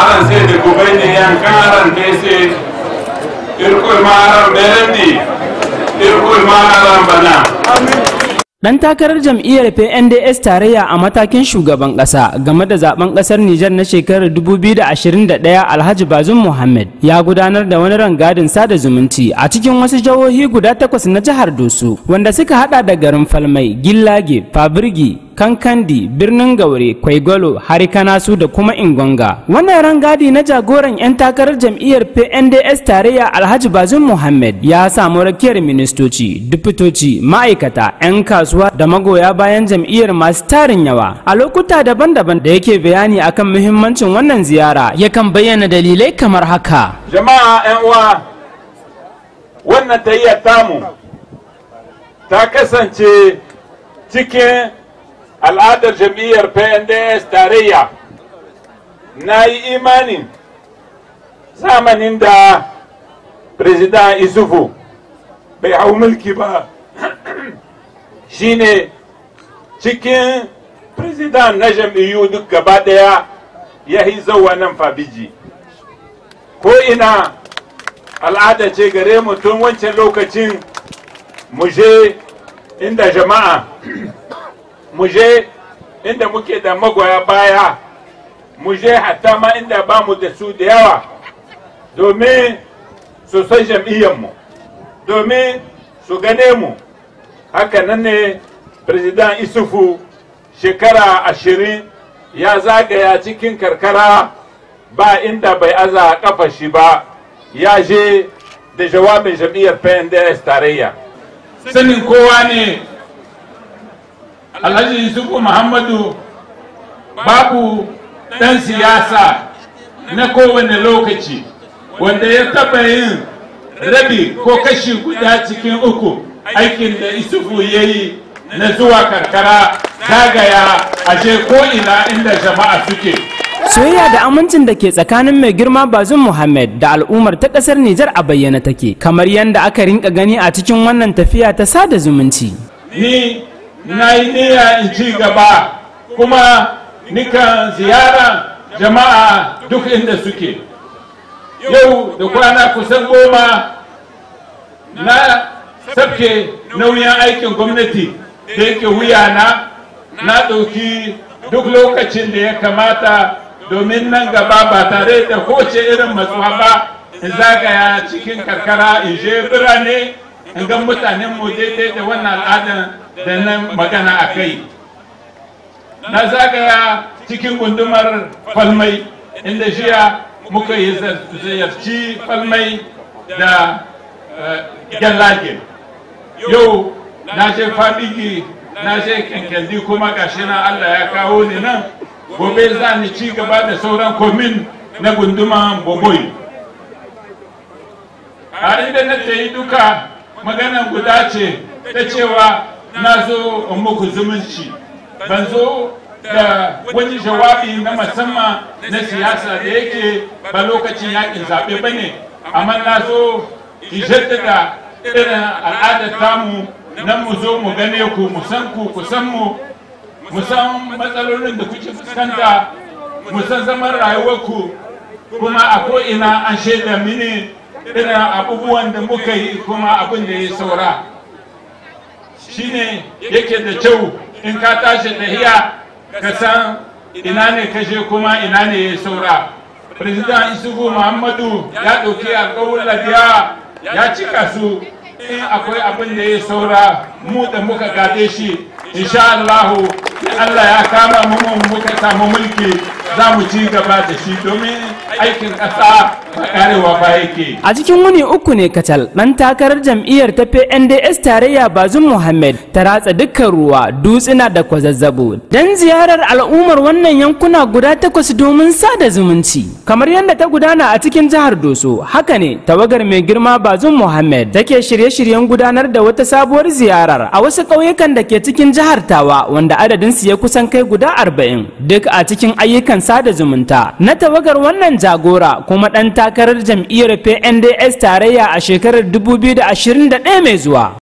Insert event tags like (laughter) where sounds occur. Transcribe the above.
ana se de gouverne ya karan te se irkul maran berendi irkul bana Dan takarar jam'iyyar PNDS tarayya a matakin shugaban ƙasa game da zaben ƙasar Nijar na shekarar 2021 Alhaji Bazum Muhammad ya gudanar da wani rangadin sada zumunci a cikin wasu jihohi guda takwas na jihar Doso wanda suka hada da garin Falmai, Gillage, Fabirgi, kankandi birnin gaure kwaigwalo harikanasu da kuma ingonga wannan rangadi na jagoran 'yan takarar jam'iyyar pnds tarayya alhaji bazin muhammad ya samu rakiyar ministoci dufitoci ma'aikata 'yan kasuwa da magoya bayan jam'iyyar masu tarin yawa a lokuta daban-daban da yake bayani akan muhimmancin wannan ziyara yakan bayyana dalilai kamar haka jama'a 'yan uwa wannan tamu ta kasance cikin al'adar jam'iyyar pnds tarayya na yi imanin zamanin da president isufu bai hau mulki ba (clears throat) shine cikin president na jam'iyyu duk gaba daya ya yi zauwa nan fabiji ko ina al'ada ce gare mu tun wancan lokacin mu je inda jama'a mu je inda muke da magoya baya mu je hatta ma inda ba mu da su da yawa domin su san mu domin su gane mu haka nan ne president isufu shekara ashirin ya zagaya cikin karkara ba inda bai aza kafa shi ba ya je da jawabin jam'iyyar pnds tarayya sanin kowa ne alhaji yusufu muhammadu babu ɗan siyasa na kowane lokaci wanda ya taɓa yin rabi ko kashi guda cikin uku aikin da Yusufu ya yi na zuwa karkara zagaya aje ko ina inda jama'a suke soyayya da amincin da ke tsakanin mai girma bazin muhammad da al'ummar ta ƙasar nijar a bayyana take kamar yadda aka rinka gani a cikin wannan tafiya ta sada zumunci ni na yi niyya in ci gaba kuma nikan ziyara jama'a duk inda suke yau da kwana kusan goma na sabke nauyin aikin gwamnati da yake wuyana na ɗauki duk lokacin da ya kamata domin nan gaba ba tare da kowace irin matsuwa ba in zagaya cikin karkara in je birane in ga mutanen mu daidai da wannan al'adar da na magana a kai na zagaya cikin gundumar falmai inda jiya muka yi ziyarci falmai da eh, gyallage yau na je fadigi na je kankandi kuma gashi na allah ya kawo ni nan gobe za ni ci gaba da sauran komin na gunduman bogoi a inda na yi duka magana guda ce ta cewa na zo muku zumunci ban zo da wani jawabi na musamman na siyasa da yake ba lokacin yakin zaɓe ba ne amma na zo jaddada irin al'adar tamu nan mu zo mu gane ku mu san ku ku mu mu san matsalolin da kuke fuskanta mu san zaman rayuwarku kuma a ko'ina an shaida mini irin abubuwan da muka yi kuma abin da ya saura shine yake da kyau in ka tashi tahiya ka san ina ne kashe kuma ina ne ya saura president isugu muhammadu ya ɗauki alƙawulla biya ya cika su in akwai abin da ya saura mu da muka gade shi insha Allahu Allah ya kama mu muka samu mulki za mu ci gaba da shi domin aikin ƙasa ba karewa ba yake. A cikin wuni uku ne kacal ɗan takarar jam'iyyar ta PNDS tarayya Bazum Muhammad ta ratsa dukkan ruwa dutsina da kwazazzabo dan ziyarar al'ummar wannan yankuna guda takwas domin sada zumunci. Kamar yadda ta gudana a cikin jihar Doso haka ne tawagar mai girma Bazum Muhammad take shirye-shiryen gudanar da wata sabuwar ziyarar a wasu ƙauyukan da ke cikin jihar Tawa wanda adadinsu ya kusan kai guda arba'in duk a cikin ayyukan sada zumunta na tawagar wannan jagora kuma ɗan takarar jam'iyyar pnds tarayya a shekarar 2021 mai zuwa